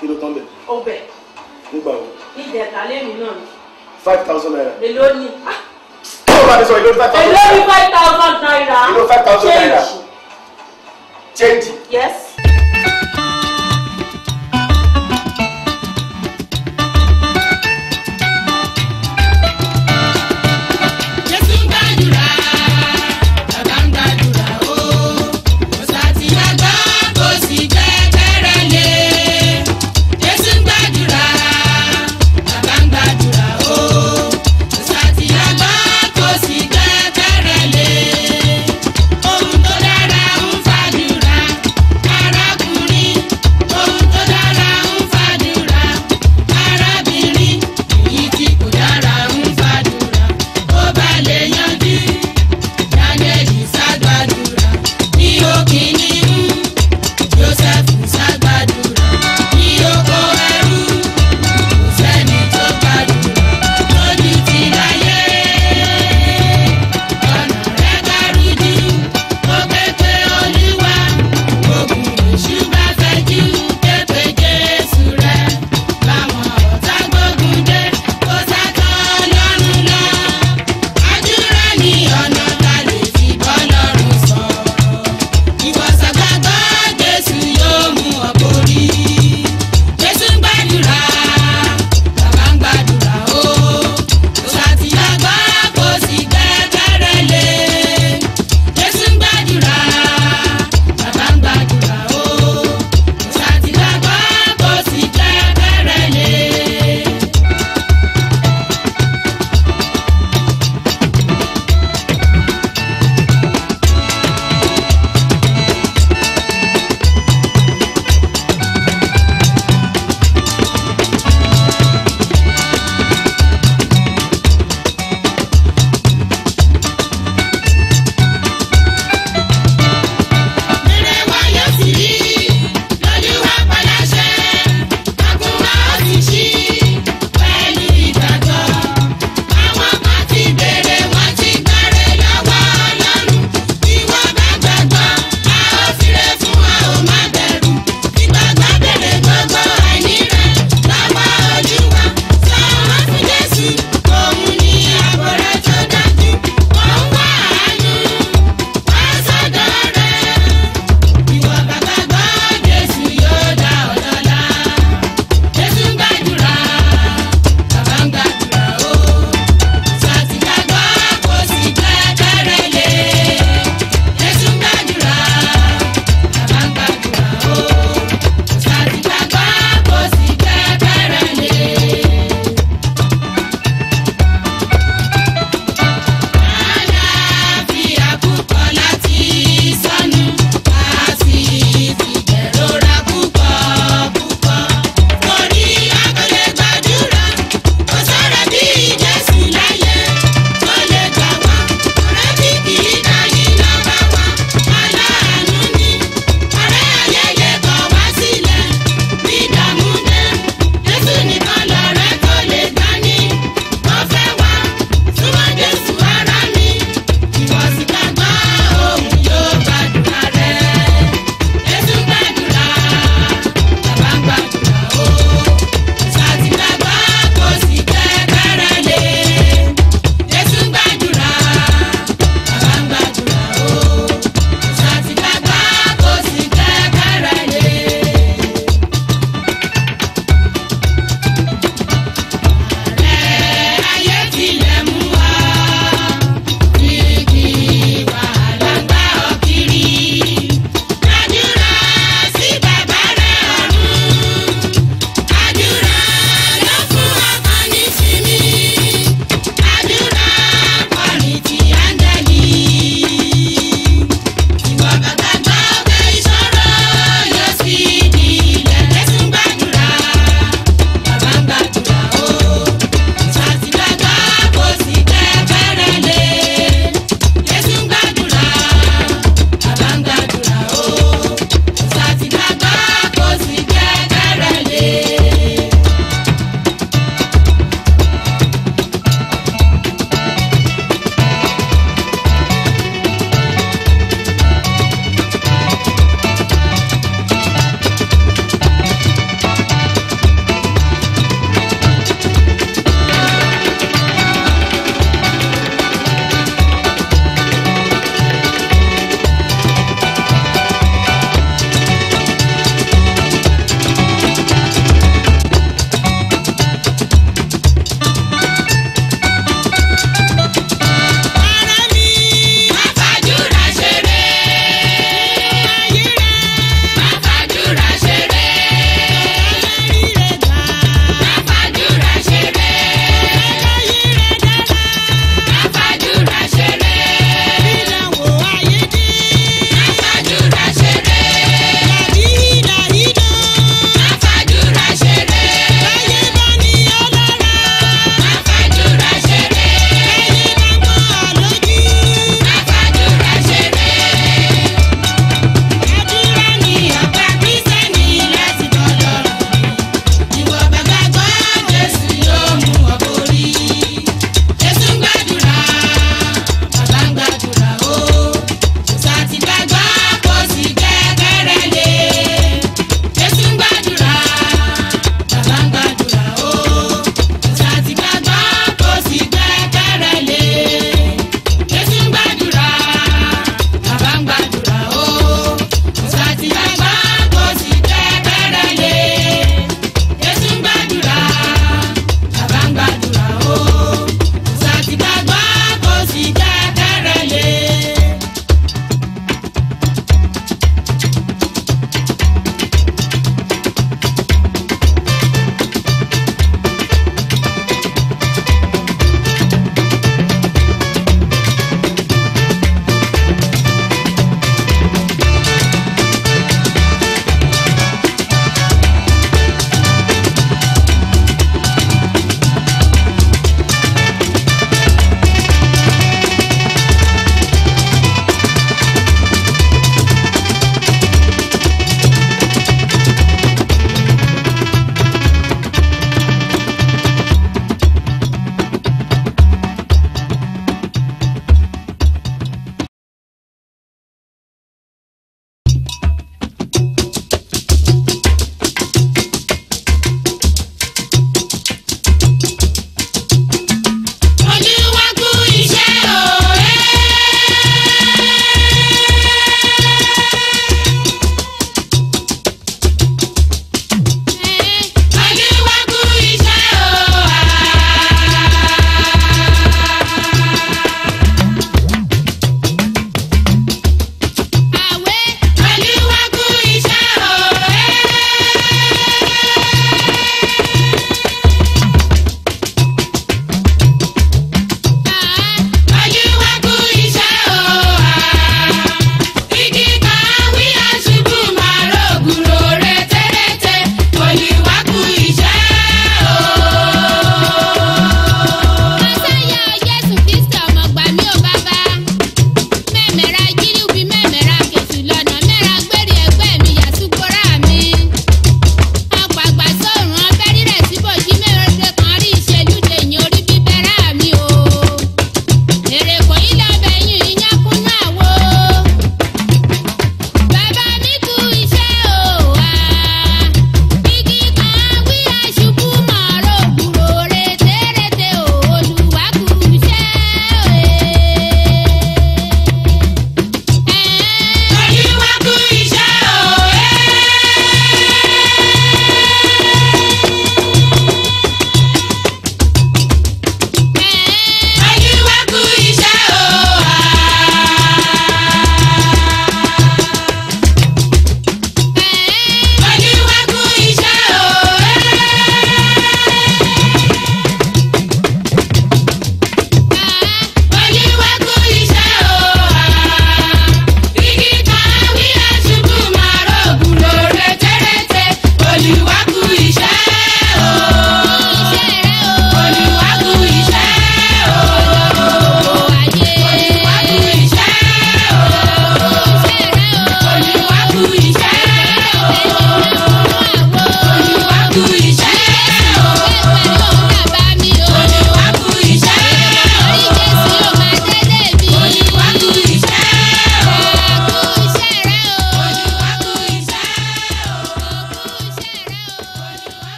kí ló tán bẹ̀. ó bẹ̀. nígbà wo. ìjẹta lẹ́nu náà five thousand naira. èlò ni. kí ló bá mi sọ èlò five thousand naira. èlò ni five thousand naira. èlò ah! five thousand naira. change. change. yes.